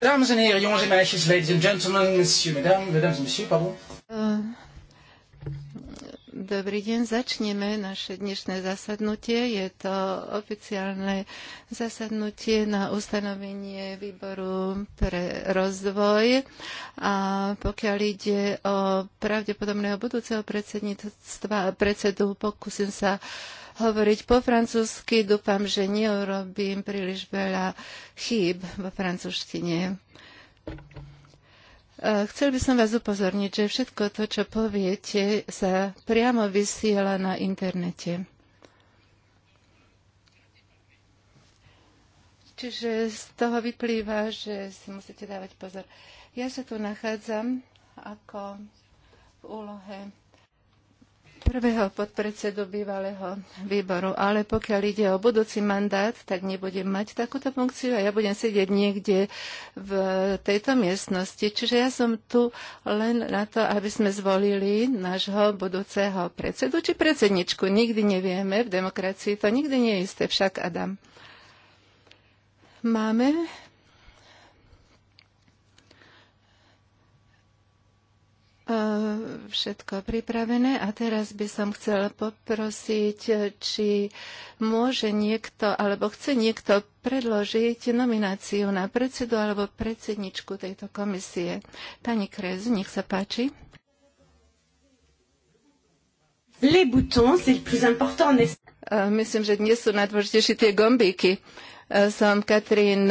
Dames en heren, jongens en meisjes, ladies and gentlemen, mesdames, mesdames et messieurs, pardon. Eh, dobrý deň, začneme naše dnešné zasadnutie. Je to oficiálne zasadnutie na ustanovenie výboru pre rozvoj. A pokiaľ ide o pravdepodobného budúceho predsedníctva, predsedu, pokúsim sa uh, hovoriť po francúzsky. Dúfam, že neurobím príliš veľa chýb vo francúzštine. E, chcel by som vás upozorniť, že všetko to, čo poviete, sa priamo vysiela na internete. Čiže z toho vyplýva, že si musíte dávať pozor. Ja sa tu nachádzam ako v úlohe prvého podpredsedu bývalého výboru, ale pokiaľ ide o budúci mandát, tak nebudem mať takúto funkciu a ja budem sedieť niekde v tejto miestnosti. Čiže ja som tu len na to, aby sme zvolili nášho budúceho predsedu či predsedničku. Nikdy nevieme, v demokracii to nikdy nie je isté, však Adam. Máme E, všetko pripravené a teraz by som chcela poprosiť, e, či môže niekto alebo chce niekto predložiť nomináciu na predsedu alebo predsedničku tejto komisie. Pani Krez, nech sa páči. Les boutons, c'est le plus important, e, Myslím, že dnes sú najdôležitejšie tie gombíky. Uh, Eh, som Katrín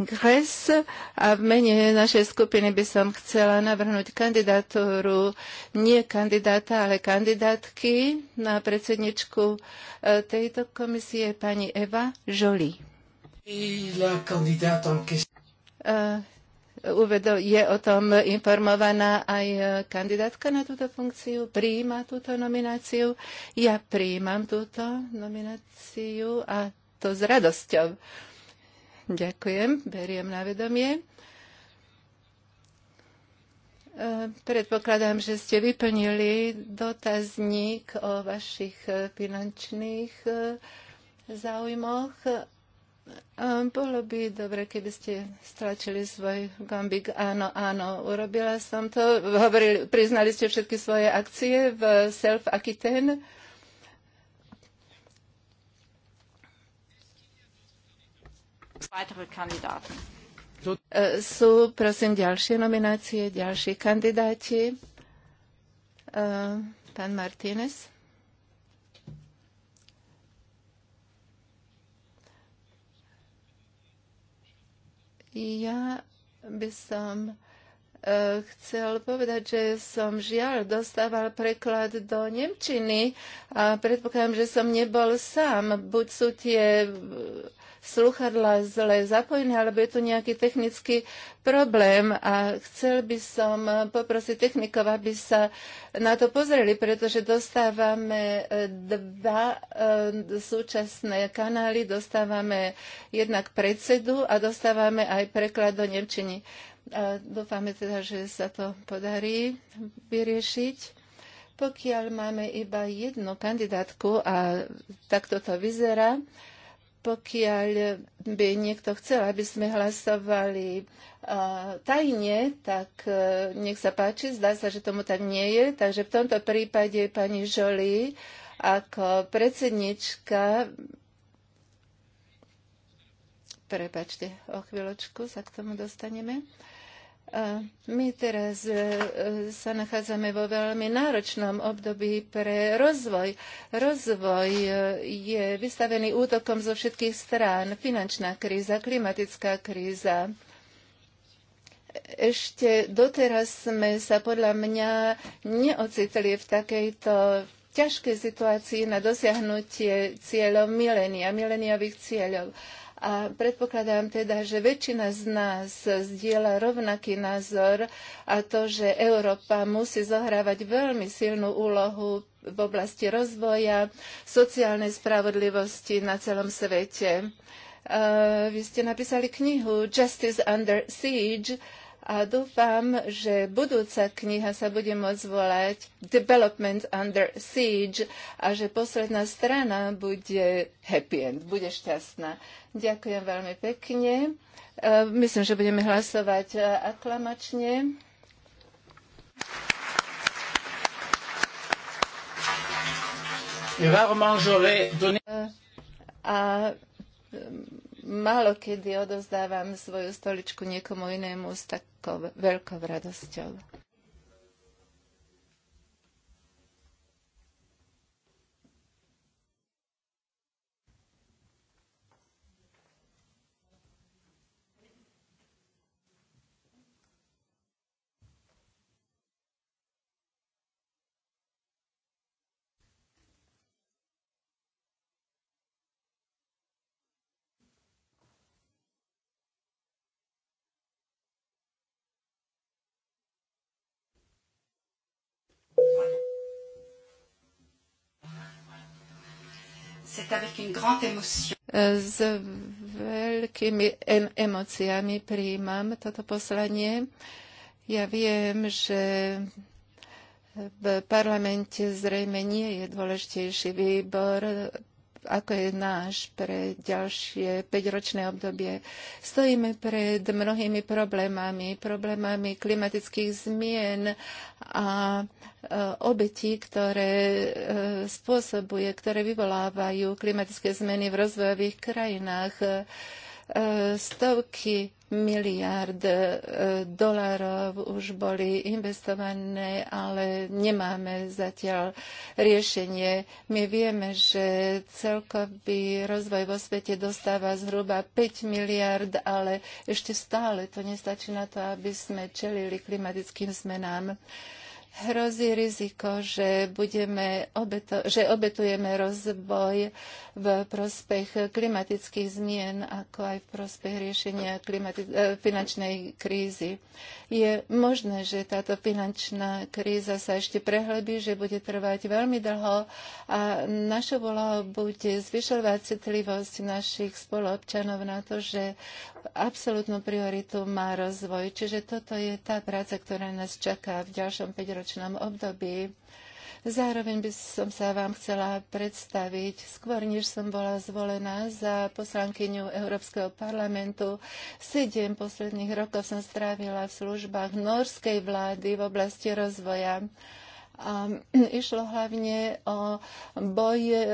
Gres a v mene našej skupiny by som chcela navrhnúť kandidatúru, nie kandidáta, ale kandidátky na predsedničku eh, tejto komisie pani Eva Jolie. Eh, uvedo, je o tom informovaná aj kandidátka na túto funkciu, prijíma túto nomináciu. Ja prijímam túto nomináciu a to s radosťou. Ďakujem, beriem na vedomie. E, predpokladám, že ste vyplnili dotazník o vašich e, finančných e, záujmoch. Bolo by dobre, keby ste stlačili svoj gombík. Áno, áno, urobila som to. Hovorili, priznali ste všetky svoje akcie v Self Aquitaine. E, sú, prosím, ďalšie nominácie, ďalší kandidáti. E, pán Martínez. Ja by som chcel povedať, že som žiaľ dostával preklad do Nemčiny a predpokladám, že som nebol sám. Buď sú tie sluchadla zle zapojené, alebo je tu nejaký technický problém a chcel by som poprosiť technikov, aby sa na to pozreli, pretože dostávame dva e, súčasné kanály, dostávame jednak predsedu a dostávame aj preklad do Nemčiny. A dúfame teda, že sa to podarí vyriešiť pokiaľ máme iba jednu kandidátku a takto to vyzerá, pokiaľ by niekto chcel, aby sme hlasovali tajne, tak e, nech sa páči, zdá sa, že tomu tak nie je. Takže v tomto prípade pani Žoli ako predsednička. Prepačte, o chvíľočku sa k tomu dostaneme. Uh, a my teraz e, e, sa nachádzame vo veľmi náročnom období pre rozvoj. Rozvoj e, je vystavený útokom zo všetkých strán. Finančná kríza, klimatická kríza. Ešte doteraz sme sa podľa mňa neocitli v takejto ťažkej situácii na dosiahnutie cieľov milénia, mileniových cieľov. A predpokladám teda, že väčšina z nás zdieľa rovnaký názor a to, že Európa musí zohrávať veľmi silnú úlohu v oblasti rozvoja, sociálnej spravodlivosti na celom svete. Vy ste napísali knihu Justice Under Siege, a dúfam, že budúca kniha sa bude môcť volať Development Under Siege a že posledná strana bude happy end, bude šťastná. Ďakujem veľmi pekne. E, myslím, že budeme hlasovať e, aklamačne. E, a Málo kedy odozdávam svoju stoličku niekomu inému s takou veľkou radosťou. E, s veľkými em- emóciami príjmam toto poslanie. Ja viem, že v parlamente zrejme nie je dôležitejší výbor ako je náš pre ďalšie 5-ročné obdobie. Stojíme pred mnohými problémami, problémami klimatických zmien a e, obetí, ktoré e, spôsobuje, ktoré vyvolávajú klimatické zmeny v rozvojových krajinách. E, stovky miliard e, dolárov už boli investované, ale nemáme zatiaľ riešenie. My vieme, že celkový rozvoj vo svete dostáva zhruba 5 miliard, ale ešte stále to nestačí na to, aby sme čelili klimatickým zmenám hrozí riziko, že, budeme obeto- že obetujeme rozvoj v prospech klimatických zmien, ako aj v prospech riešenia klimati- e, finančnej krízy. Je možné, že táto finančná kríza sa ešte prehlbí, že bude trvať veľmi dlho a našou úlohou bude zvyšovať citlivosť našich spoluobčanov na to, že absolútnu prioritu má rozvoj, čiže toto je tá práca, ktorá nás čaká v ďalšom 5-ročnom období. Zároveň by som sa vám chcela predstaviť, skôr než som bola zvolená za poslankyňu Európskeho parlamentu, sedem posledných rokov som strávila v službách norskej vlády v oblasti rozvoja. A išlo hlavne o boj, e,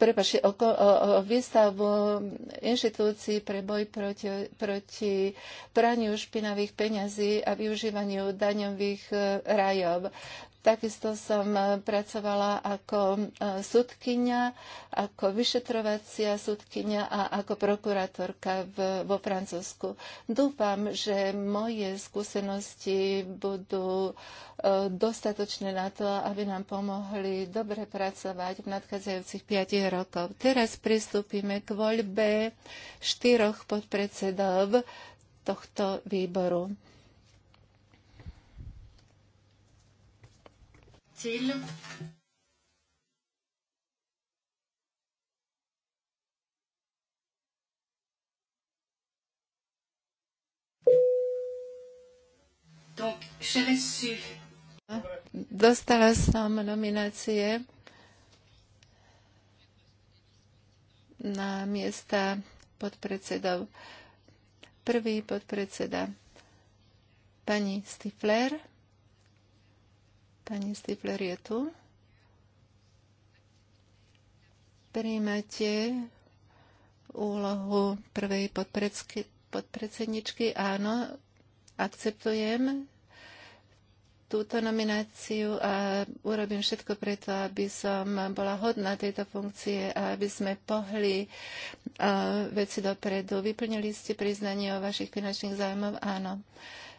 prepač, o, o výstavu inštitúcií pre boj proti, proti praniu špinavých peňazí a využívaniu daňových e, rajov. Takisto som e, pracovala ako e, sudkynia, ako vyšetrovacia sudkynia a ako prokurátorka v, vo Francúzsku. Dúfam, že moje skúsenosti budú e, dostatočné na to, aby nám pomohli dobre pracovať v nadchádzajúcich 5 rokov. Teraz pristúpime k voľbe štyroch podpredsedov tohto výboru. civile. Dostala som nominácie na miesta podpredsedov. Prvý podpredseda pani Stifler. Pani Stifler je tu. Prijímate úlohu prvej podpredsedničky. Áno, akceptujem túto nomináciu a urobím všetko preto, aby som bola hodná tejto funkcie a aby sme pohli veci dopredu. Vyplnili ste priznanie o vašich finančných zájmov? Áno.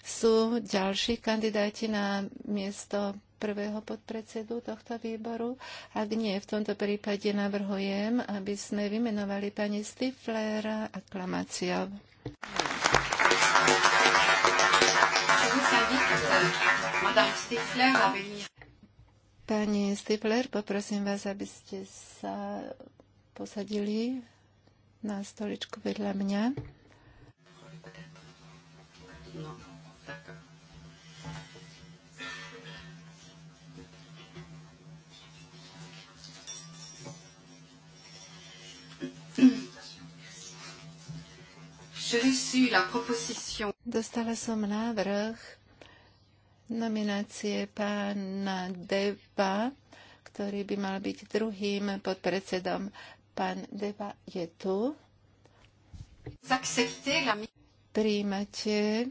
Sú ďalší kandidáti na miesto prvého podpredsedu tohto výboru. Ak nie, v tomto prípade navrhujem, aby sme vymenovali pani Stiflera aklamáciou. Pani Stifler, poprosím vás, aby ste sa posadili na stoličku vedľa mňa. No. Dostala som návrh nominácie pána Deva, ktorý by mal byť druhým podpredsedom. Pán Deva je tu. Príjmate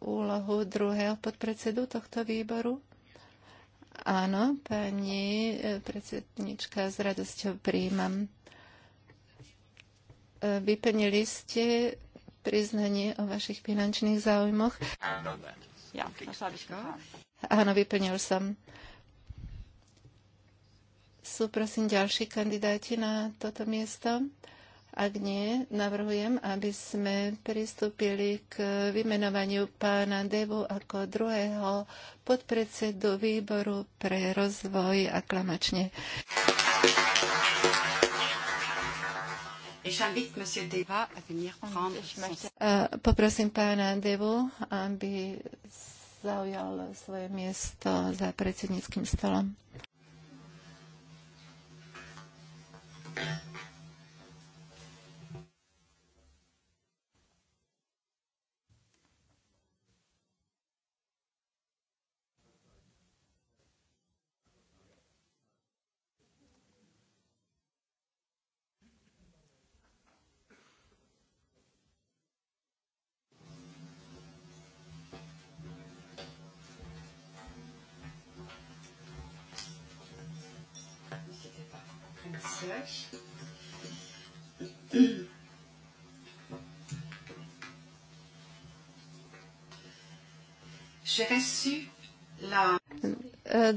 úlohu druhého podpredsedu tohto výboru? Áno, pani predsednička, s radosťou príjmam. E, vyplnili ste priznanie o vašich finančných záujmoch? Áno, vyplnil som. Sú prosím ďalší kandidáti na toto miesto? Ak nie, navrhujem, aby sme pristúpili k vymenovaniu pána Devu ako druhého podpredsedu výboru pre rozvoj aklamačne. Mm, äh, poprosím pána Devu, aby zaujal svoje miesto za predsedníckým stolom. Thank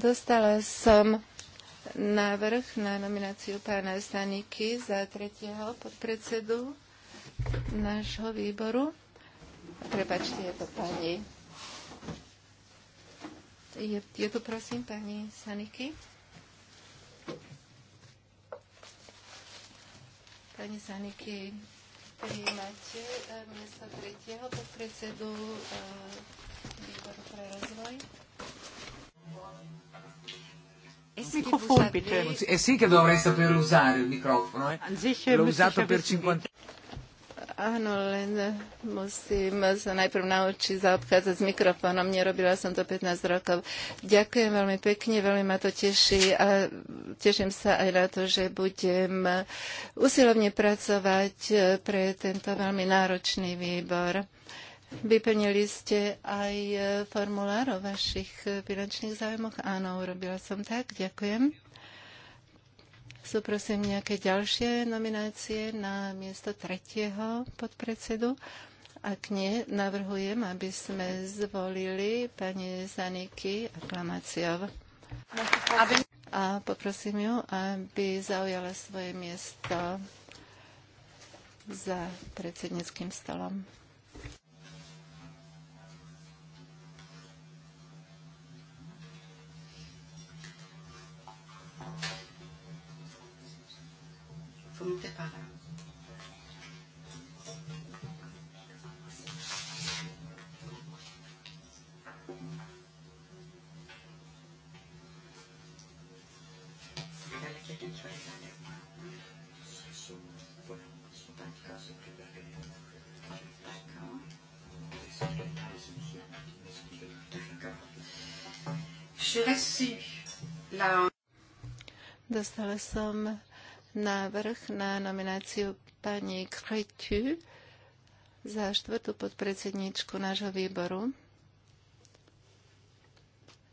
Dostala som návrh na nomináciu pána Staniky za tretieho podpredsedu nášho výboru. Prepačte, je to pani. Je, je tu prosím pani Staniky. Pani Saniky príjmate e, miesto tretieho podpredsedu e, výboru pre rozvoj. Il microfono, bitte. È sì che dovrei saper usare il microfono, eh? L'ho usato per 50 Áno, len musím sa najprv naučiť zaobchádzať s mikrofónom. Nerobila som to 15 rokov. Ďakujem veľmi pekne, veľmi ma to teší a teším sa aj na to, že budem usilovne pracovať pre tento veľmi náročný výbor. Vyplnili ste aj formulár o vašich finančných zájmoch? Áno, urobila som tak. Ďakujem. Sú prosím nejaké ďalšie nominácie na miesto tretieho podpredsedu? Ak nie, navrhujem, aby sme zvolili pani Zaniky aklamáciou. A poprosím ju, aby zaujala svoje miesto za predsedníckým stolom. Fumte para Dostala som návrh na nomináciu pani Kretu za štvrtú podpredsedničku nášho výboru.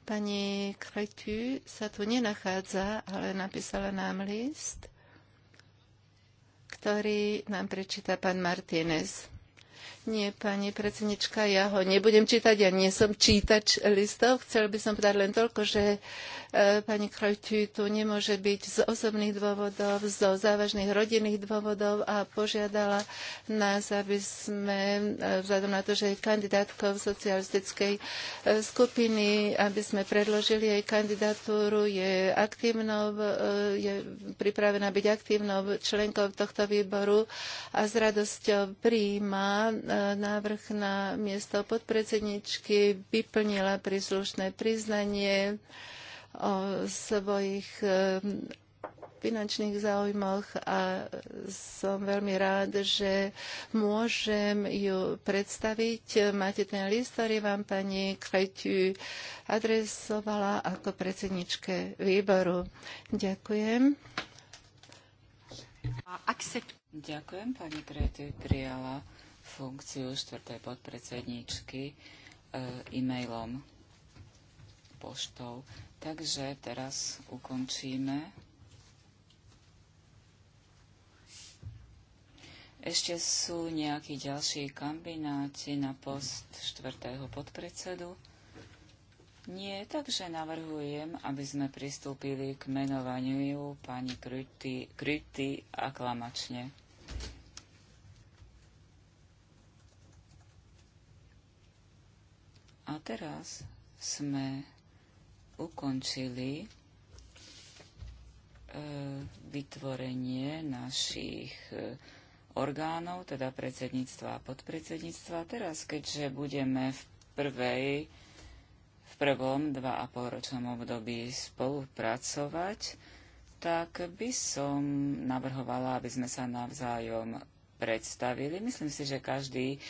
Pani Kretu sa tu nenachádza, ale napísala nám list, ktorý nám prečíta pán Martínez. Nie, pani predsednička, ja ho nebudem čítať, ja nie som čítač listov. Chcel by som povedať len toľko, že e, pani Krojty tu nemôže byť z osobných dôvodov, zo závažných rodinných dôvodov a požiadala nás, aby sme, e, vzhľadom na to, že je kandidátkou socialistickej e, skupiny, aby sme predložili jej kandidatúru, je aktívnou, e, je pripravená byť aktívnou členkou tohto výboru a s radosťou prijíma e, E, návrh na miesto podpredsedničky, vyplnila príslušné priznanie o svojich e, finančných záujmoch a som veľmi rád, že môžem ju predstaviť. Máte ten list, ktorý vám pani Kveťu adresovala ako predsedničke výboru. Ďakujem. Ďakujem, pani Grete prijala funkciu štvrtej podpredsedničky e, mailom poštou. Takže teraz ukončíme. Ešte sú nejakí ďalší kombináti na post štvrtého podpredsedu? Nie, takže navrhujem, aby sme pristúpili k menovaniu pani Kryty aklamačne. A teraz sme ukončili e, vytvorenie našich e, orgánov, teda predsedníctva a podpredsedníctva. Teraz, keďže budeme v prvej, v prvom dva a pol ročnom období spolupracovať, tak by som navrhovala, aby sme sa navzájom predstavili. Myslím si, že každý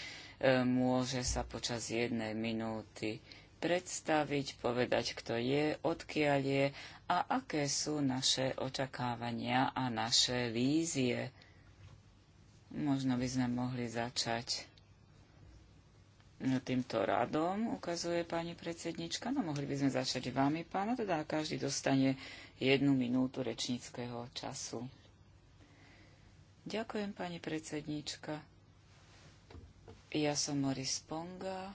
E, môže sa počas jednej minúty predstaviť, povedať, kto je, odkiaľ je a aké sú naše očakávania a naše vízie. Možno by sme mohli začať no, týmto radom, ukazuje pani predsednička. No mohli by sme začať vami, pána, teda každý dostane jednu minútu rečníckého času. Ďakujem, pani predsednička. Ja som Moris Ponga,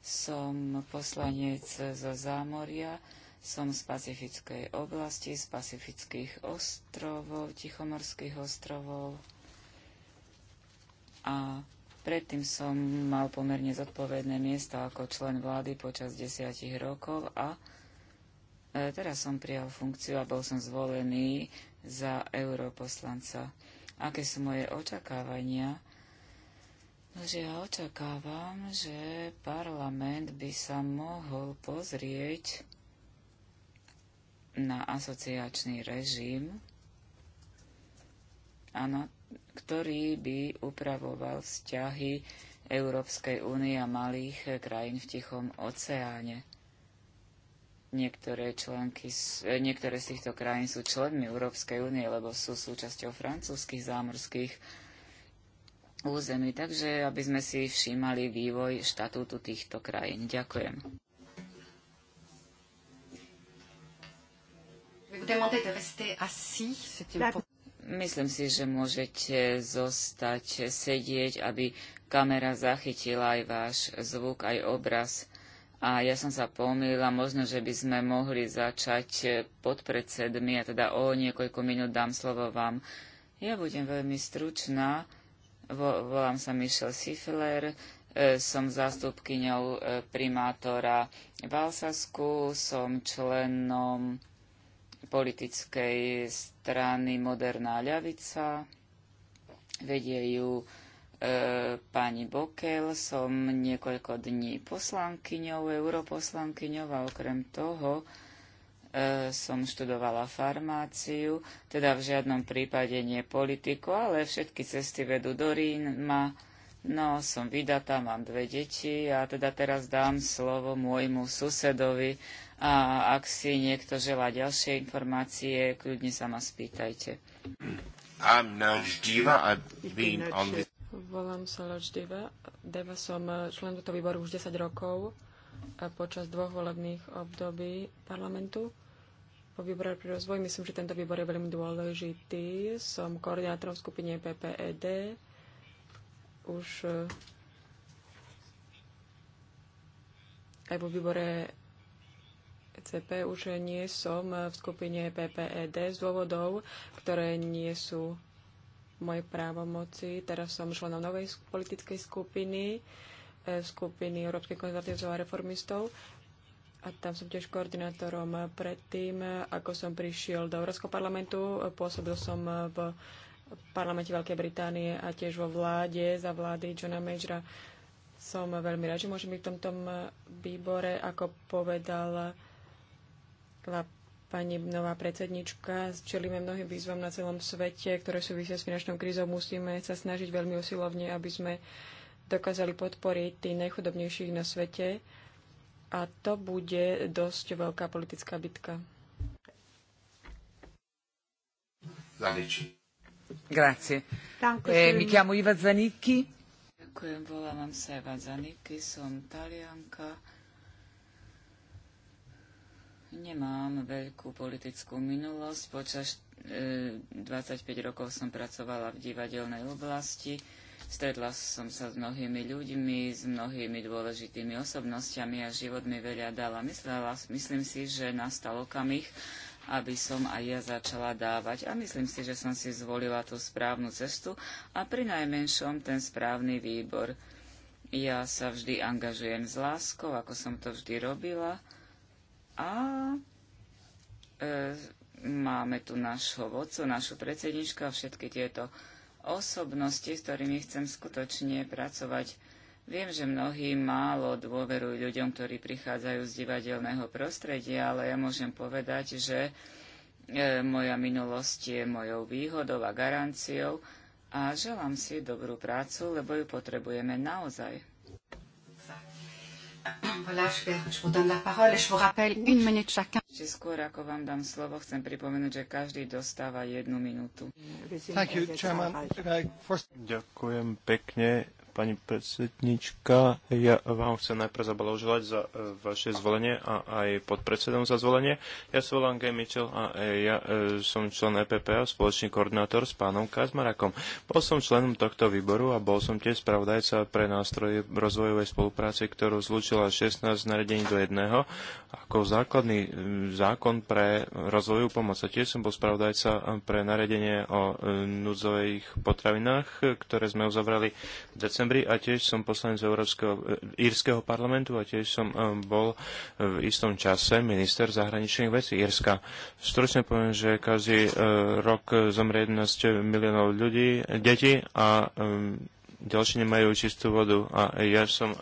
som poslanec zo Zámoria, som z Pacifickej oblasti, z Pacifických ostrovov, Tichomorských ostrovov a predtým som mal pomerne zodpovedné miesto ako člen vlády počas desiatich rokov a e, teraz som prijal funkciu a bol som zvolený za europoslanca. Aké sú moje očakávania? že ja očakávam, že parlament by sa mohol pozrieť na asociačný režim, a na, ktorý by upravoval vzťahy Európskej únie a malých krajín v Tichom oceáne. Niektoré, členky, eh, niektoré z týchto krajín sú členmi Európskej únie, lebo sú súčasťou francúzskych zámorských území. Takže aby sme si všímali vývoj štatútu týchto krajín. Ďakujem. Myslím si, že môžete zostať sedieť, aby kamera zachytila aj váš zvuk, aj obraz. A ja som sa pomýlila, možno, že by sme mohli začať pod predsedmi, a teda o niekoľko minút dám slovo vám. Ja budem veľmi stručná. Volám sa Michel Sifler, e, som zástupkyňou e, primátora Valsasku, som členom politickej strany Moderná ľavica, vedie ju e, pani Bokel, som niekoľko dní poslankyňou, europoslankyňou a okrem toho E, som študovala farmáciu, teda v žiadnom prípade nie politiku, ale všetky cesty vedú do Ríma. No, som vydatá, mám dve deti a teda teraz dám slovo môjmu susedovi a ak si niekto želá ďalšie informácie, kľudne sa ma spýtajte. Volám sa Ločdiva. Deva som eh, člen tohto výboru už 10 rokov eh, počas dvoch volebných období parlamentu výbore pre rozvoj. Myslím, že tento výbor je veľmi dôležitý. Som koordinátorom skupiny PPED. Už eh, aj vo výbore e CP už nie som eh, v skupine PPED z dôvodov, ktoré nie sú moje právomoci. Teraz som členom novej politickej skupiny, eh, skupiny Európskej konzervatívcov a reformistov a tam som tiež koordinátorom. Predtým, ako som prišiel do Európskeho parlamentu, pôsobil som v parlamente Veľkej Británie a tiež vo vláde za vlády Johna Majora. Som veľmi rád, že môžem byť v tomto výbore. Ako povedala pani nová predsednička, čelíme mnohým výzvam na celom svete, ktoré súvisia s finančnou krízou. Musíme sa snažiť veľmi usilovne, aby sme dokázali podporiť tých najchudobnejších na svete a to bude dosť veľká politická bitka. Zaniči. Grazie. Eh, mi chiamo Iva Zanicchi. Ďakujem, volám sa Iva Zanicchi, som talianka. Nemám veľkú politickú minulosť. Počas 25 eh, rokov som pracovala v divadelnej oblasti Stretla som sa s mnohými ľuďmi, s mnohými dôležitými osobnostiami a život mi veľa dala. Myslela, myslím si, že nastal okamih, aby som aj ja začala dávať. A myslím si, že som si zvolila tú správnu cestu a pri najmenšom ten správny výbor. Ja sa vždy angažujem s láskou, ako som to vždy robila. A e, máme tu nášho vodcu, našu predsedničku a všetky tieto osobnosti, s ktorými chcem skutočne pracovať. Viem, že mnohí málo dôverujú ľuďom, ktorí prichádzajú z divadelného prostredia, ale ja môžem povedať, že e, moja minulosť je mojou výhodou a garanciou a želám si dobrú prácu, lebo ju potrebujeme naozaj. Ešte skôr, ako vám dám slovo, chcem pripomenúť, že každý dostáva jednu minútu. Ďakujem pekne pani predsednička. Ja vám chcem najprv zablahoželať za e, vaše zvolenie a aj podpredsedom za zvolenie. Ja sa volám Gay Mitchell a e, ja e, som člen EPP a spoločný koordinátor s pánom Kazmarakom. Bol som členom tohto výboru a bol som tiež spravodajca pre nástroje rozvojovej spolupráce, ktorú zlúčila 16 naredení do jedného ako základný zákon pre rozvoju pomoc. A tiež som bol spravodajca pre naredenie o núdzových potravinách, ktoré sme uzavrali v decembri novembri a tiež som poslanec Európskeho, eh, Írskeho parlamentu a tiež som eh, bol eh, v istom čase minister zahraničných vecí Írska. Stručne poviem, že každý rok zomrie 11 miliónov ľudí, detí a ďalší nemajú čistú vodu. A ja som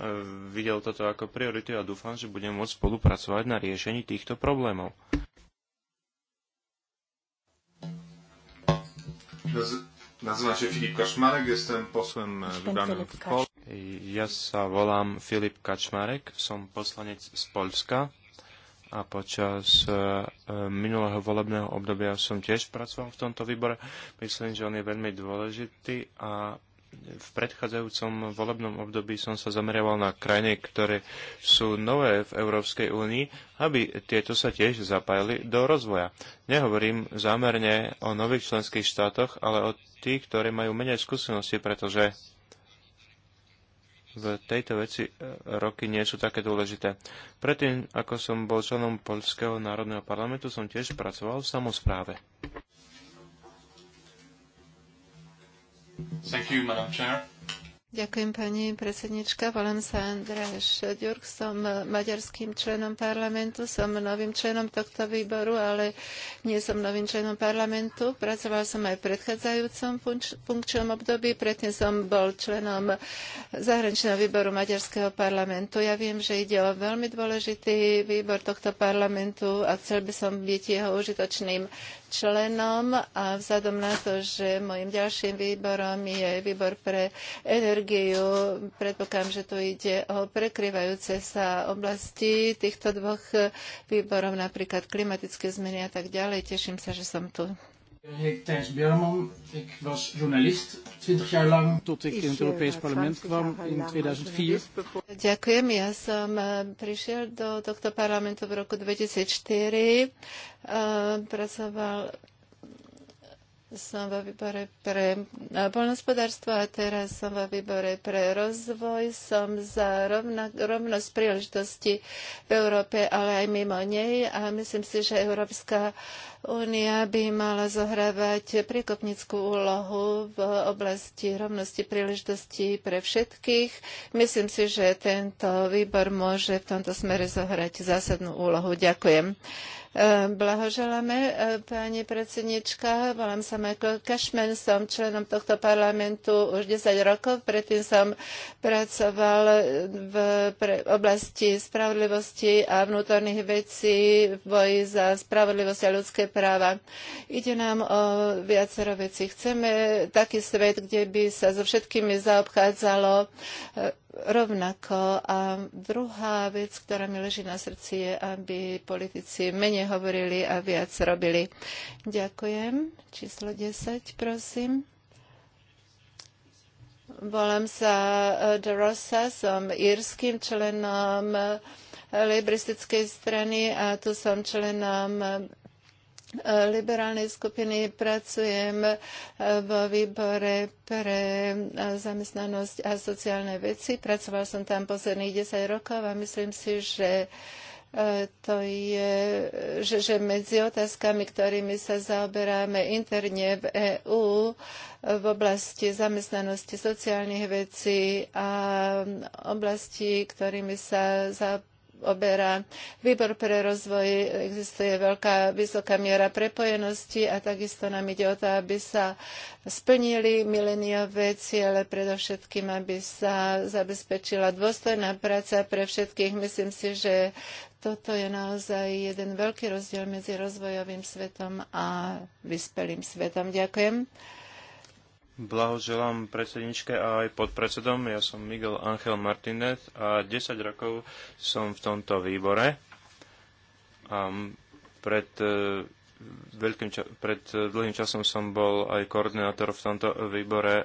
videl toto ako prioritu a dúfam, že budem môcť spolupracovať na riešení týchto problémov. Nazývam sa Filip Kačmarek, jestem posłem e, wybranym v Polsce. Ja sa volám Filip Kačmarek, som poslanec z Polska a počas e, e, minulého volebného obdobia som tiež pracoval v tomto výbore. Myslím, že on je veľmi dôležitý a v predchádzajúcom volebnom období som sa zameriaval na krajiny, ktoré sú nové v Európskej únii, aby tieto sa tiež zapájali do rozvoja. Nehovorím zámerne o nových členských štátoch, ale o tých, ktoré majú menej skúsenosti, pretože v tejto veci e, roky nie sú také dôležité. Predtým, ako som bol členom Polského národného parlamentu, som tiež pracoval v samozpráve. Thank you, Madam Chair. Ďakujem pani predsednička. Volám sa Andráš Ďurk, som maďarským členom parlamentu, som novým členom tohto výboru, ale nie som novým členom parlamentu. Pracoval som aj v predchádzajúcom funkčnom období, predtým som bol členom zahraničného výboru Maďarského parlamentu. Ja viem, že ide o veľmi dôležitý výbor tohto parlamentu a chcel by som byť jeho užitočným členom a vzhľadom na to, že môjim ďalším výborom je výbor pre energiu, predpokladám, že tu ide o prekryvajúce sa oblasti týchto dvoch výborov, napríklad klimatické zmeny a tak ďalej. Teším sa, že som tu. Ik Thijs Bjerman, ik was journalist 20 jaar lang tot ik in het eh, Europees parlement kwam in 2004. Ďakujem, ja som eh, prišiel do tohto parlamentu v roku 2004. Eh, pracoval som vo výbore pre e, poľnohospodárstvo a teraz som vo výbore pre rozvoj. Som za rovna, rovnosť príležitosti v Európe, ale aj mimo nej a myslím si, že Európska únia by mala zohrávať prikopnickú úlohu v oblasti rovnosti príležitosti pre všetkých. Myslím si, že tento výbor môže v tomto smere zohrať zásadnú úlohu. Ďakujem. Ehm, blahoželáme, e, pani predsednička. Volám sa Michael Cashman, som členom tohto parlamentu už 10 rokov. Predtým som pracoval e, v oblasti spravodlivosti a vnútorných vecí v boji za spravodlivosť a ľudské práva. Ide nám o viacero vecí. Chceme taký svet, kde by sa so všetkými zaobchádzalo e, rovnako. A druhá vec, ktorá mi leží na srdci, je, aby politici menej hovorili a viac robili. Ďakujem. Číslo 10, prosím. Volám sa eh, De Rosa, som írským členom eh, Libristickej strany a tu som členom eh, liberálnej skupiny pracujem vo výbore pre zamestnanosť a sociálne veci. Pracoval som tam posledných 10 rokov a myslím si, že e, to je, že, že medzi otázkami, ktorými sa zaoberáme interne v EÚ v oblasti zamestnanosti sociálnych vecí a oblasti, ktorými sa zaoberáme oberá. Výbor pre rozvoj existuje veľká, vysoká miera prepojenosti a takisto nám ide o to, aby sa splnili mileniové ciele, predovšetkým, aby sa zabezpečila dôstojná práca pre všetkých. Myslím si, že toto je naozaj jeden veľký rozdiel medzi rozvojovým svetom a vyspelým svetom. Ďakujem. Blahoželám predsedničke a aj podpredsedom. Ja som Miguel Angel Martinez a 10 rokov som v tomto výbore. A pred, e, veľkým ča- pred dlhým časom som bol aj koordinátor v tomto výbore e,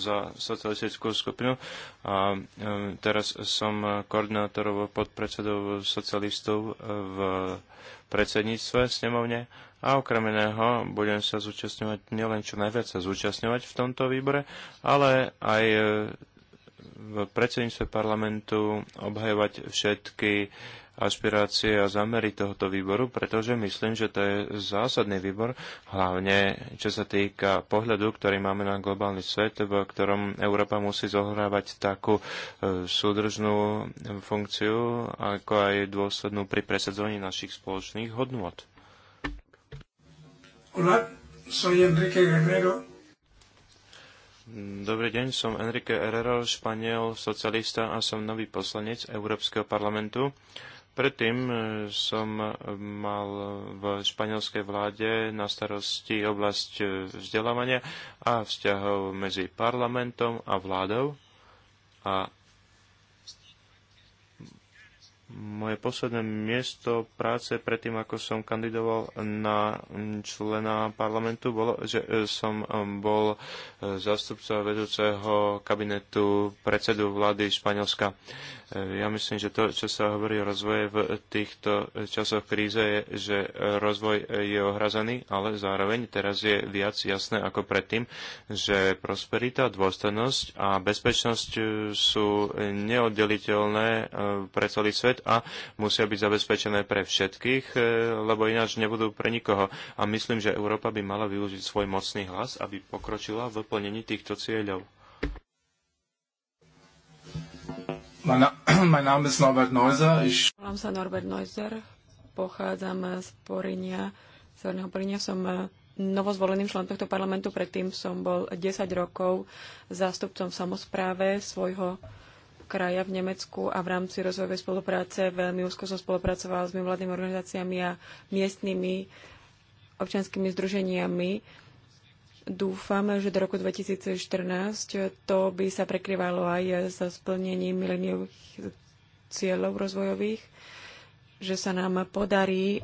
za socialistickú skupinu a e, teraz som koordinátorov podpredsedov socialistov v predsedníctve snemovne a okrem iného budem sa zúčastňovať, nielen čo najviac sa zúčastňovať v tomto výbore, ale aj e, v predsedníctve parlamentu obhajovať všetky aspirácie a zamery tohoto výboru, pretože myslím, že to je zásadný výbor, hlavne čo sa týka pohľadu, ktorý máme na globálny svet, v ktorom Európa musí zohrávať takú e, súdržnú funkciu, ako aj dôslednú pri presadzovaní našich spoločných hodnôt. Hola, soy Enrique Guerrero. Dobrý deň, som Enrique Herrero, španiel socialista a som nový poslanec Európskeho parlamentu. Predtým eh, som eh, mal v španielskej vláde na starosti oblasť eh, vzdelávania a vzťahov medzi parlamentom a vládou a moje posledné miesto práce predtým, ako som kandidoval na mm, člena parlamentu, bolo, že e, som e, bol e, zástupca vedúceho kabinetu predsedu vlády Španielska. Ja myslím, že to, čo sa hovorí o rozvoje v týchto časoch kríze, je, že rozvoj je ohrazený, ale zároveň teraz je viac jasné ako predtým, že prosperita, dôstojnosť a bezpečnosť e, sú neoddeliteľné e, pre celý svet a musia byť zabezpečené pre všetkých, e, lebo ináč nebudú pre nikoho. A myslím, že Európa by mala využiť svoj mocný hlas, aby pokročila v plnení týchto cieľov. Mein, mein Name ist Norbert Neuser. Ich... Volám sa Norbert Neuser, pochádzam z Porinia, Horného Porinia. Som e, novozvoleným členom tohto parlamentu. Predtým som bol 10 rokov zástupcom v samozpráve svojho kraja v Nemecku a v rámci rozvojovej spolupráce veľmi úzko som spolupracoval s mimovládnymi organizáciami a miestnymi občianskými združeniami Dúfam, že do roku 2014 to by sa prekryvalo aj so splnením mileniových cieľov rozvojových, že sa nám podarí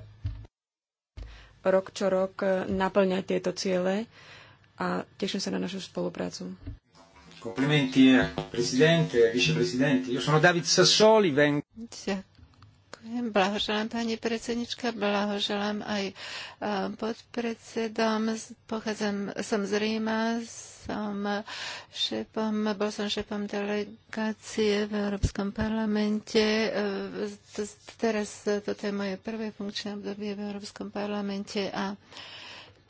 rok čo rok naplňať tieto ciele a teším sa na našu spoluprácu. Eh, viceprezidente. David Sassoli, vengo... Blahoželám pani predsednička, blahoželám aj e, podpredsedom. Pochádzam, som z Ríma, som šepom, bol som šepom delegácie v Európskom parlamente. E, teraz toto je moje prvé funkčné obdobie v Európskom parlamente a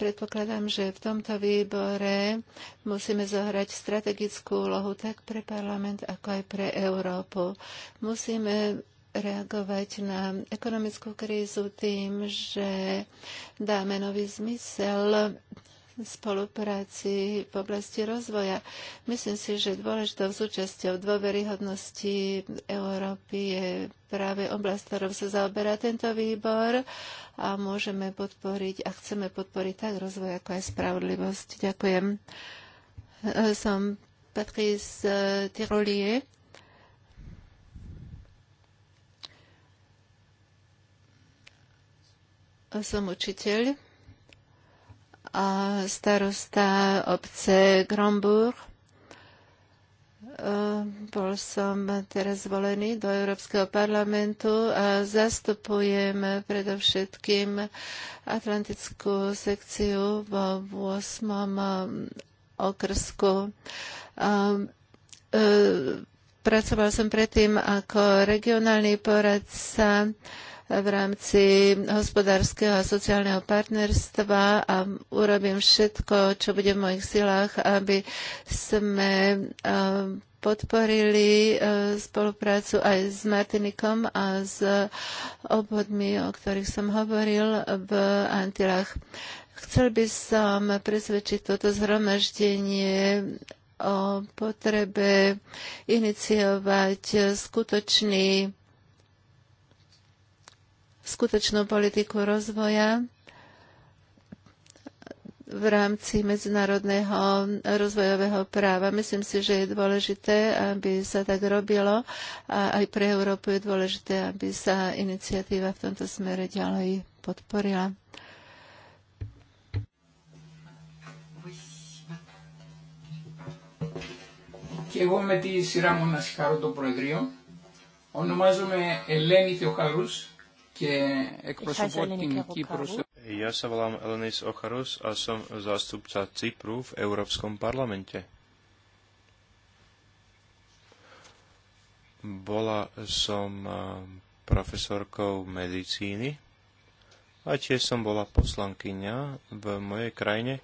predpokladám, že v tomto výbore musíme zohrať strategickú úlohu tak pre parlament, ako aj pre Európu. Musíme reagovať na ekonomickú krízu tým, že dáme nový zmysel spolupráci v oblasti rozvoja. Myslím si, že dôležitou súčasťou dôveryhodnosti Európy je práve oblasť, ktorou sa zaoberá tento výbor a môžeme podporiť a chceme podporiť tak rozvoj, ako aj spravodlivosť. Ďakujem. Som Patrice Tirolier Som učiteľ a starosta obce Gromburg. E, bol som teraz zvolený do Európskeho parlamentu a zastupujem predovšetkým atlantickú sekciu vo 8. E, okrsku. E, pracoval som predtým ako regionálny poradca v rámci hospodárskeho a sociálneho partnerstva a urobím všetko, čo bude v mojich silách, aby sme eh, podporili eh, spoluprácu aj s Martinikom a s obvodmi, o ktorých som hovoril v Antilách. Chcel by som presvedčiť toto zhromaždenie o potrebe iniciovať skutočný skutočnú politiku rozvoja v rámci medzinárodného rozvojového práva. Myslím si, že je dôležité, aby sa tak robilo a aj pre Európu je dôležité, aby sa iniciatíva v tomto smere ďalej podporila. Και εγώ με τη σειρά μου να συγχαρώ το Προεδρείο. Ονομάζομαι Ελένη Θεοχαρούς ja sa volám Elenis Ocharus a som zástupca Cypru v Európskom parlamente. Bola som eh, profesorkou medicíny a tiež som bola poslankyňa v mojej krajine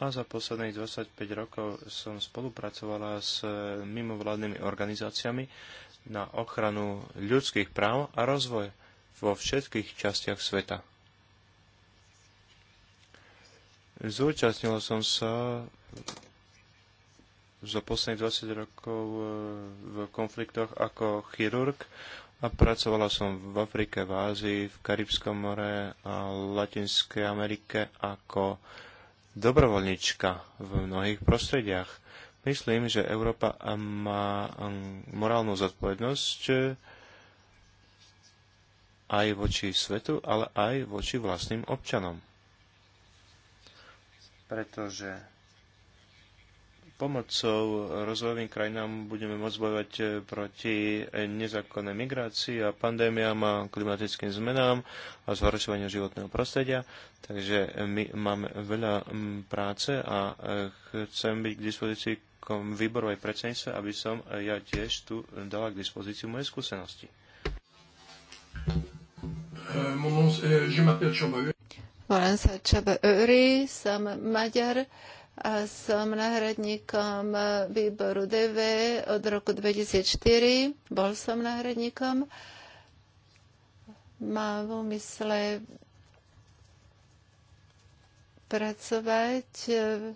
a za posledných 25 rokov som spolupracovala s eh, mimovládnymi organizáciami na ochranu ľudských práv a rozvoj vo všetkých častiach sveta. Zúčastnil som sa za posledných 20 rokov e, v konfliktoch ako chirurg a pracovala som v Afrike, v Ázii, v Karibskom more a Latinskej Amerike ako dobrovoľnička v mnohých prostrediach. Myslím, že Európa má morálnu zodpovednosť aj voči svetu, ale aj voči vlastným občanom. Pretože pomocou rozvojovým krajinám budeme môcť bojovať eh, proti eh, nezákonnej migrácii a pandémiám a klimatickým zmenám a zhoršovaniu životného prostredia. Takže eh, my máme veľa mm, práce a chcem byť k dispozícii výborovej predsednice, aby som ja tiež tu dala k dispozíciu moje skúsenosti mon nom, je m'appelle Volám sa Csaba Őri, som Maďar a som náhradníkom výboru DV od roku 2004. Bol som náhradníkom. Mám v úmysle pracovať eh,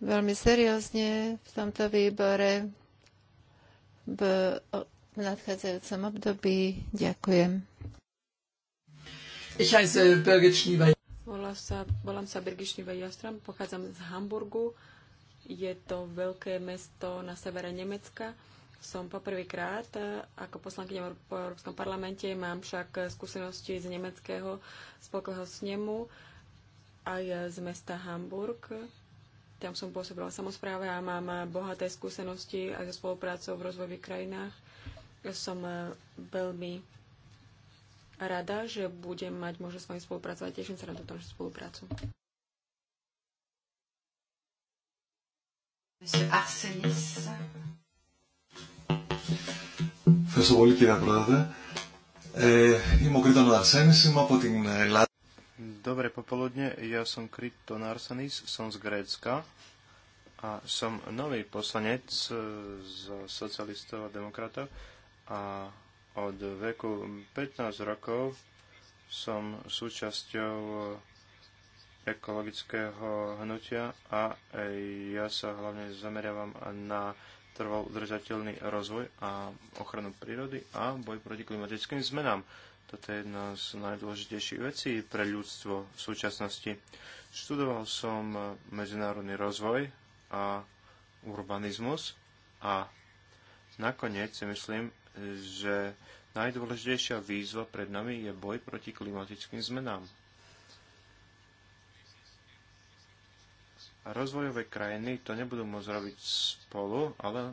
veľmi seriózne v tomto výbore v nadchádzajúcom období. Ďakujem. Ich heiße Birgit Schnieber. Volám sa, Birgit Schnieber Jastram, pochádzam z Hamburgu. Je to veľké mesto na severe Nemecka. Som poprvýkrát e, ako poslankyňa v Európskom parlamente, mám však skúsenosti z nemeckého spolkového snemu aj z mesta Hamburg. Tam som pôsobila samozpráve a mám bohaté skúsenosti aj so spoluprácou v rozvojových krajinách. Som e, veľmi rada, že budem mať možnosť s vami spolupracovať. Teším sa na túto spoluprácu. Dobre popoludne, ja som Kryton Arsenis, som z Grécka a som nový poslanec eh, z socialistov a demokratov a od veku 15 rokov som súčasťou ekologického hnutia a ja sa hlavne zameriavam na trval udržateľný rozvoj a ochranu prírody a boj proti klimatickým zmenám. Toto je jedna z najdôležitejších vecí pre ľudstvo v súčasnosti. Študoval som medzinárodný rozvoj a urbanizmus a nakoniec si myslím, že najdôležitejšia výzva pred nami je boj proti klimatickým zmenám. A rozvojové krajiny to nebudú môcť robiť spolu, ale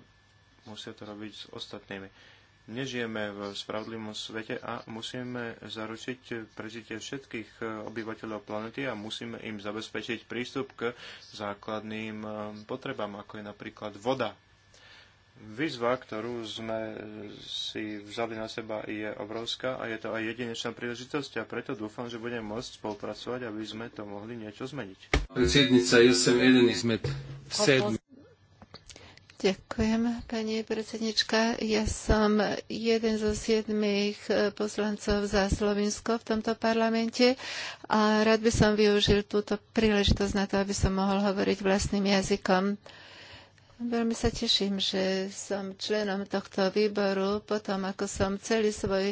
musia to robiť s ostatnými. Nežijeme v spravodlivom svete a musíme zaručiť prežitie všetkých eh, obyvateľov planety a musíme im zabezpečiť prístup k základným eh, potrebám, ako je napríklad voda. Výzva, ktorú sme e, si vzali na seba, je obrovská a je to aj jedinečná príležitosť a preto dúfam, že budeme môcť spolupracovať, aby sme to mohli niečo zmeniť. Predsednica, ja som jeden sme sedmi. Ďakujem, pani predsednička. Ja som jeden zo siedmých e, poslancov za Slovinsko v tomto parlamente a rád by som využil túto príležitosť na to, aby som mohol hovoriť vlastným jazykom. Veľmi sa teším, že som členom tohto výboru potom, ako som celý svoj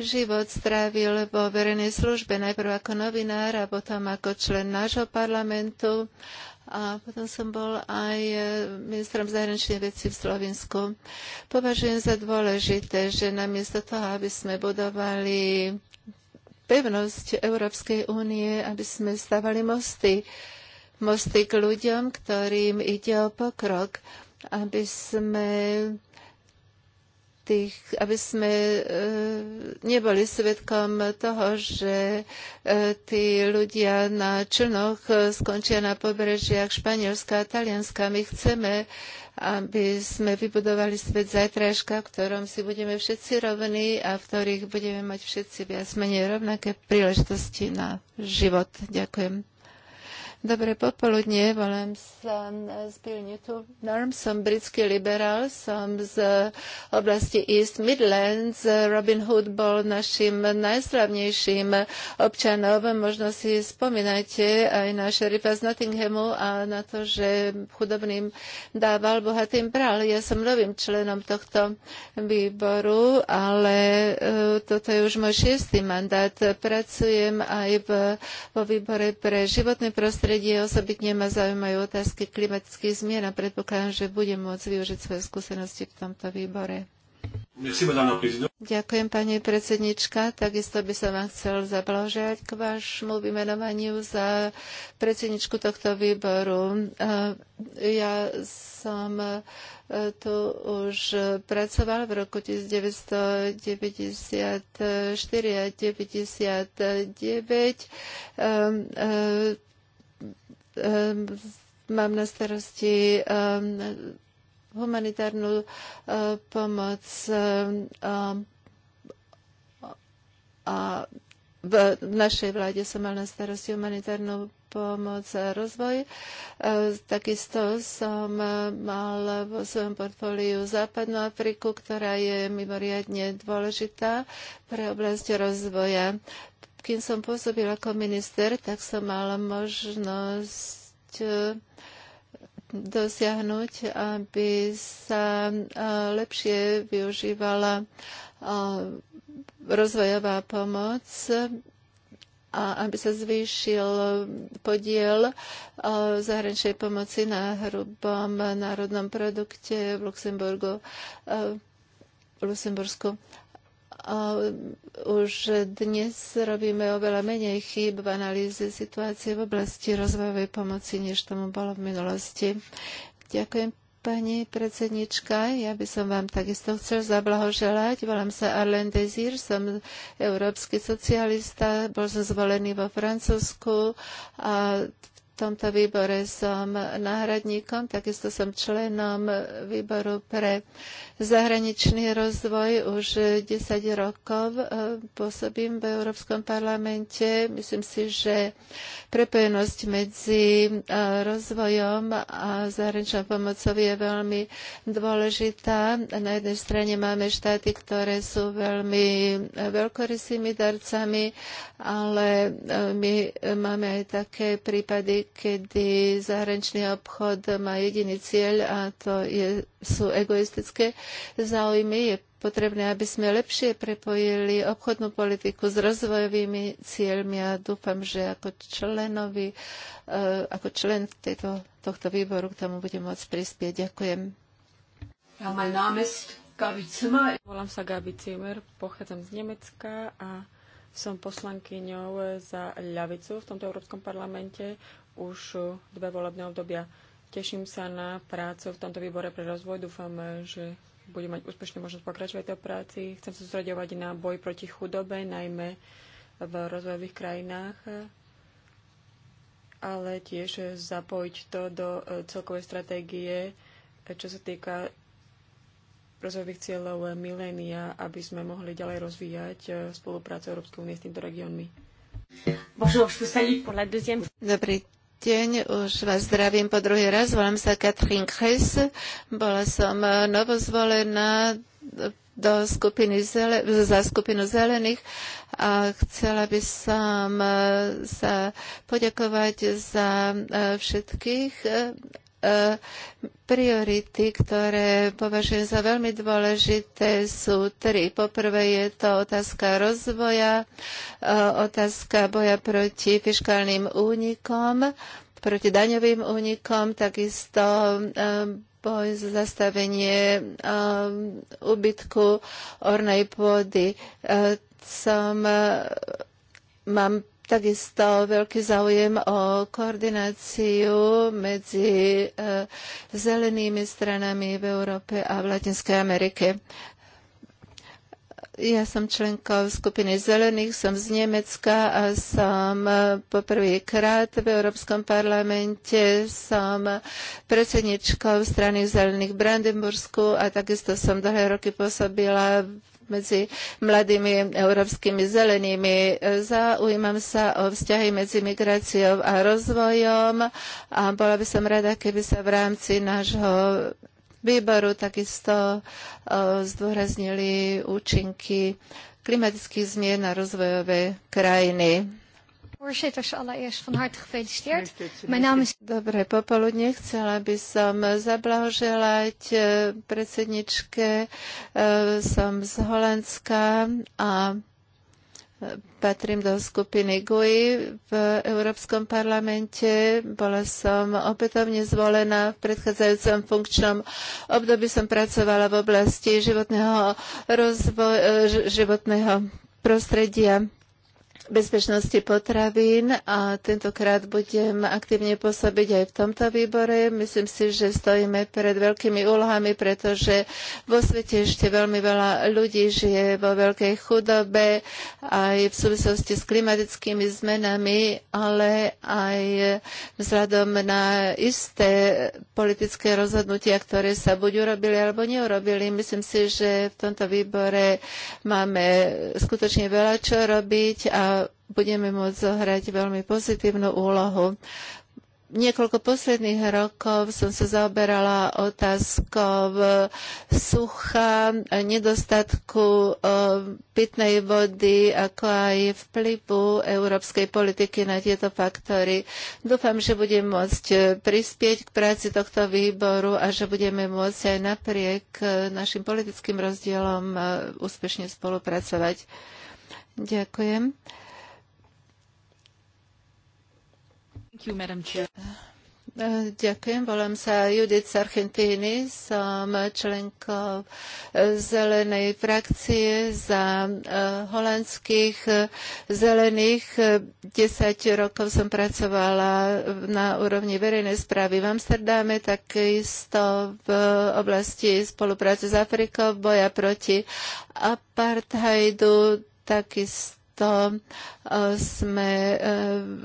život strávil vo verejnej službe, najprv ako novinár a potom ako člen nášho parlamentu a potom som bol aj eh, ministrom zahraničných vecí v Slovensku. Považujem za dôležité, že namiesto toho, aby sme budovali pevnosť Európskej únie, aby sme stavali mosty, mosty k ľuďom, ktorým ide o pokrok, aby sme tých, aby sme e, neboli svetkom toho, že e, tí ľudia na člnoch e, skončia na pobrežiach Španielska a Talianska. My chceme, aby sme vybudovali svet zajtrajška, v ktorom si budeme všetci rovní a v ktorých budeme mať všetci viac menej rovnaké príležitosti na život. Ďakujem. Dobré popoludne, volám sa Bill Newton, som britský liberál, som z oblasti East Midlands. Robin Hood bol našim najslavnejším občanom. Možno si spomínate aj na šerifa z Nottinghamu a na to, že chudobným dával, bohatým bral. Ja som novým členom tohto výboru, ale e, toto je už môj šiestý mandát. Pracujem aj v, vo výbore pre životné prostredie prostredie osobitne ma zaujímajú otázky klimatických zmien a predpokladám, že budem môcť využiť svoje skúsenosti v tomto výbore. Ďakujem, pani predsednička. Takisto by som vám chcel zablahožiať k vášmu vymenovaniu za predsedničku tohto výboru. Ja som e, tu už pracoval v roku 1994 a 1999 Ehm, mám na starosti ehm, humanitárnu ehm, pomoc a v našej vláde som mal na starosti humanitárnu pomoc a rozvoj. Takisto som mal vo svojom portfóliu Západnú Afriku, ktorá je mimoriadne dôležitá pre oblasť rozvoja kým som pôsobil ako minister, tak som mal možnosť e, dosiahnuť, aby sa e, lepšie využívala e, rozvojová pomoc a aby sa zvýšil podiel zahraničnej pomoci na hrubom národnom produkte v Luxemburgu, v Luxembursku. Už dnes robíme oveľa menej chýb v analýze situácie v oblasti rozvojovej pomoci, než tomu bolo v minulosti. Ďakujem pani predsednička. Ja by som vám takisto chcel zablahoželať. Volám sa Arlen Desir, som európsky socialista, bol som zvolený vo Francúzsku a tomto výbore som náhradníkom, takisto som členom výboru pre zahraničný rozvoj. Už 10 rokov eh, pôsobím v Európskom parlamente. Myslím si, že prepojenosť medzi eh, rozvojom a zahraničnou pomocou je veľmi dôležitá. Na jednej strane máme štáty, ktoré sú veľmi eh, veľkorysými darcami, ale my máme aj také prípady, kedy zahraničný obchod má jediný cieľ a to je, sú egoistické záujmy. Je potrebné, aby sme lepšie prepojili obchodnú politiku s rozvojovými cieľmi a dúfam, že ako členovi, eh, ako člen tejto, tohto výboru k tomu budem môcť prispieť. Ďakujem. Volám sa Gabi Zimmer, pochádzam z Nemecka a som poslankyňou za ľavicu v tomto Európskom parlamente už eh, dve volebné obdobia. Teším sa na prácu v tomto výbore pre rozvoj. Dúfam, eh, že budem mať úspešnú možnosť pokračovať v práci. Chcem sa sústredovať na boj proti chudobe, najmä v rozvojových krajinách, eh, ale tiež zapojiť to do celkovej stratégie, čo sa týka rozvojových cieľov milénia, aby sme mohli ďalej rozvíjať spoluprácu Európskej únie s týmto regiónmi. Dobrý deň, už vás zdravím po druhý raz. Volám sa Katrin Kres. Bola som novozvolená do skupiny zele, za skupinu zelených a chcela by som sa poďakovať za e, všetkých e, E, priority, ktoré považujem za veľmi dôležité, sú tri. Poprvé je to otázka rozvoja, e, otázka boja proti fiskálnym únikom, proti daňovým únikom, takisto e, boj za zastavenie ubytku ornej pôdy. Som, mám takisto veľký záujem o koordináciu medzi eh, zelenými stranami v Európe a v Latinskej Amerike. Ja som členkou skupiny zelených, som z Nemecka a som eh, poprvýkrát v Európskom parlamente, som predsedničkou strany zelených v Brandenbursku a takisto som dlhé roky pôsobila v medzi mladými európskymi zelenými. Zaujímam sa o vzťahy medzi migráciou a rozvojom a bola by som rada, keby sa v rámci nášho výboru takisto zdôraznili účinky klimatických zmien na rozvojové krajiny. Dobré popoludne. Chcela by som zablahoželať eh, predsedničke. Eh, som z Holandska a eh, Patrím do skupiny GUI v Európskom parlamente. Bola som opätovne zvolená v predchádzajúcom funkčnom období. Som pracovala v oblasti životného, rozvoj, životného prostredia bezpečnosti potravín a tentokrát budem aktívne pôsobiť aj v tomto výbore. Myslím si, že stojíme pred veľkými úlohami, pretože vo svete ešte veľmi veľa ľudí žije vo veľkej chudobe aj v súvislosti s klimatickými zmenami, ale aj vzhľadom na isté politické rozhodnutia, ktoré sa buď urobili alebo neurobili. Myslím si, že v tomto výbore máme skutočne veľa čo robiť a budeme môcť zohrať veľmi pozitívnu úlohu. Niekoľko posledných rokov som sa zaoberala otázkou e, sucha, e, nedostatku e, pitnej vody, ako aj vplyvu európskej politiky na tieto faktory. Dúfam, že budem môcť prispieť k práci tohto výboru a že budeme môcť aj napriek našim politickým rozdielom úspešne spolupracovať. Ďakujem. Madam Ďakujem, volám sa Judith Sargentini, som členkou zelenej frakcie za eh, holandských eh, zelených. 10 rokov som pracovala na úrovni verejnej správy v Amsterdame, takisto v oblasti spolupráce s Afrikou, boja proti apartheidu, takisto Takisto e, sme e,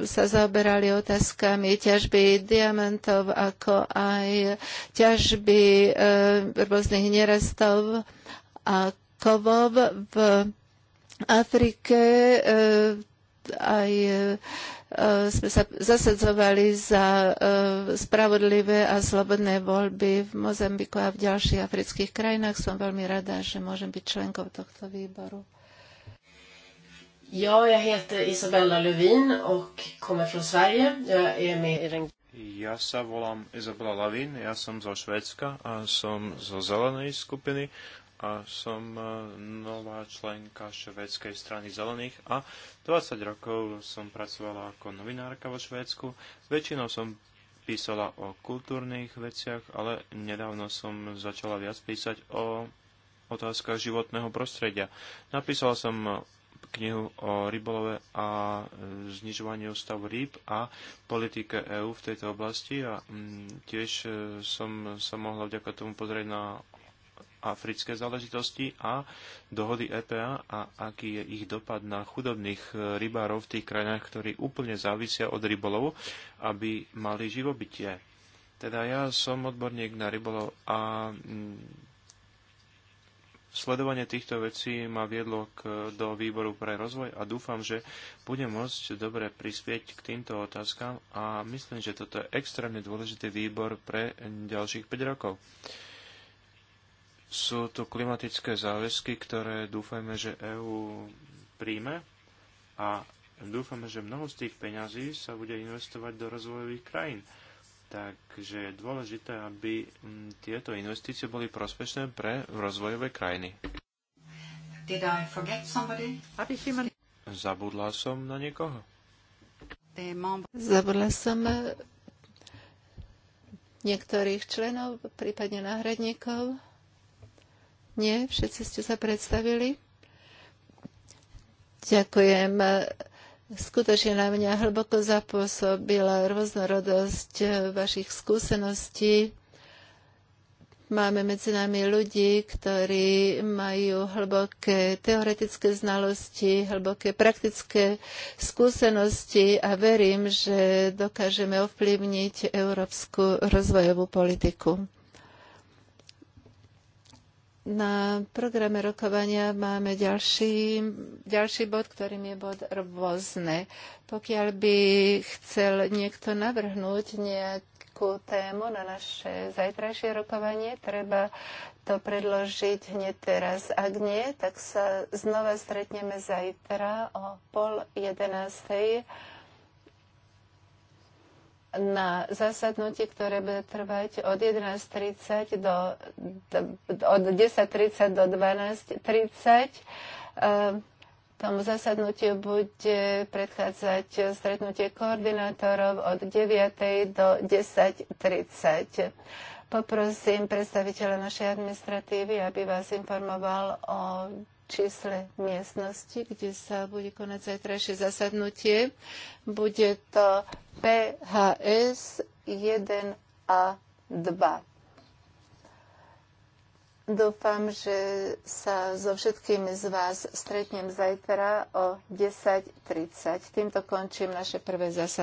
sa zaoberali otázkami ťažby diamantov, ako aj ťažby e, rôznych nerastov a kovov v Afrike. Aj sme sa zasadzovali za spravodlivé a slobodné voľby v Mozambiku a v ďalších afrických krajinách. Som veľmi rada, že môžem byť členkou tohto výboru. Ja, jag heter Isabella Lövin och kommer från Sverige. Jag är med i den... Ja sa volám Izabela Lavín, ja som zo Švédska a som zo zelenej skupiny a som e, nová členka švédskej strany zelených a 20 rokov som pracovala ako novinárka vo Švédsku. Väčšinou som písala o kultúrnych veciach, ale nedávno som začala viac písať o otázkach životného prostredia. Napísala som knihu o rybolove a e, znižovaní ostavu rýb a politike EÚ v tejto oblasti a mm, tiež e, som sa mohla vďaka tomu pozrieť na africké záležitosti a dohody EPA a aký je ich dopad na chudobných e, rybárov v tých krajinách, ktorí úplne závisia od rybolovu, aby mali živobytie. Teda ja som odborník na rybolov a mm, Sledovanie týchto vecí ma viedlo k, do výboru pre rozvoj a dúfam, že budem môcť dobre prispieť k týmto otázkam a myslím, že toto je extrémne dôležitý výbor pre ďalších 5 rokov. Sú tu klimatické záväzky, ktoré dúfajme, že EÚ príjme a dúfame, že mnoho z tých peňazí sa bude investovať do rozvojových krajín. Takže je dôležité, aby tieto investície boli prospešné pre rozvojové krajiny. Did I forget somebody? Zabudla som na niekoho? Zabudla som e, niektorých členov, prípadne náhradníkov. Nie, všetci ste sa predstavili. Ďakujem e, Skutočne na mňa hlboko zapôsobila rôznorodosť eh, vašich skúseností. Máme medzi nami ľudí, ktorí majú hlboké teoretické znalosti, hlboké praktické skúsenosti a verím, že dokážeme ovplyvniť európsku rozvojovú politiku. Na programe rokovania máme ďalší, ďalší bod, ktorým je bod rôzne. Pokiaľ by chcel niekto navrhnúť nejakú tému na naše zajtrajšie rokovanie, treba to predložiť hneď teraz. Ak nie, tak sa znova stretneme zajtra o pol jedenástej na zasadnutie, ktoré bude trvať od 11.30 do, od 10.30 do 12.30. Tomu zasadnutiu bude predchádzať stretnutie koordinátorov od 9.00 do 10.30. Poprosím predstaviteľa našej administratívy, aby vás informoval o čísle miestnosti, kde sa bude konať zajtrajšie zasadnutie. Bude to PHS 1A2. Dúfam, že sa so všetkými z vás stretnem zajtra o 10.30. Týmto končím naše prvé zasadnutie.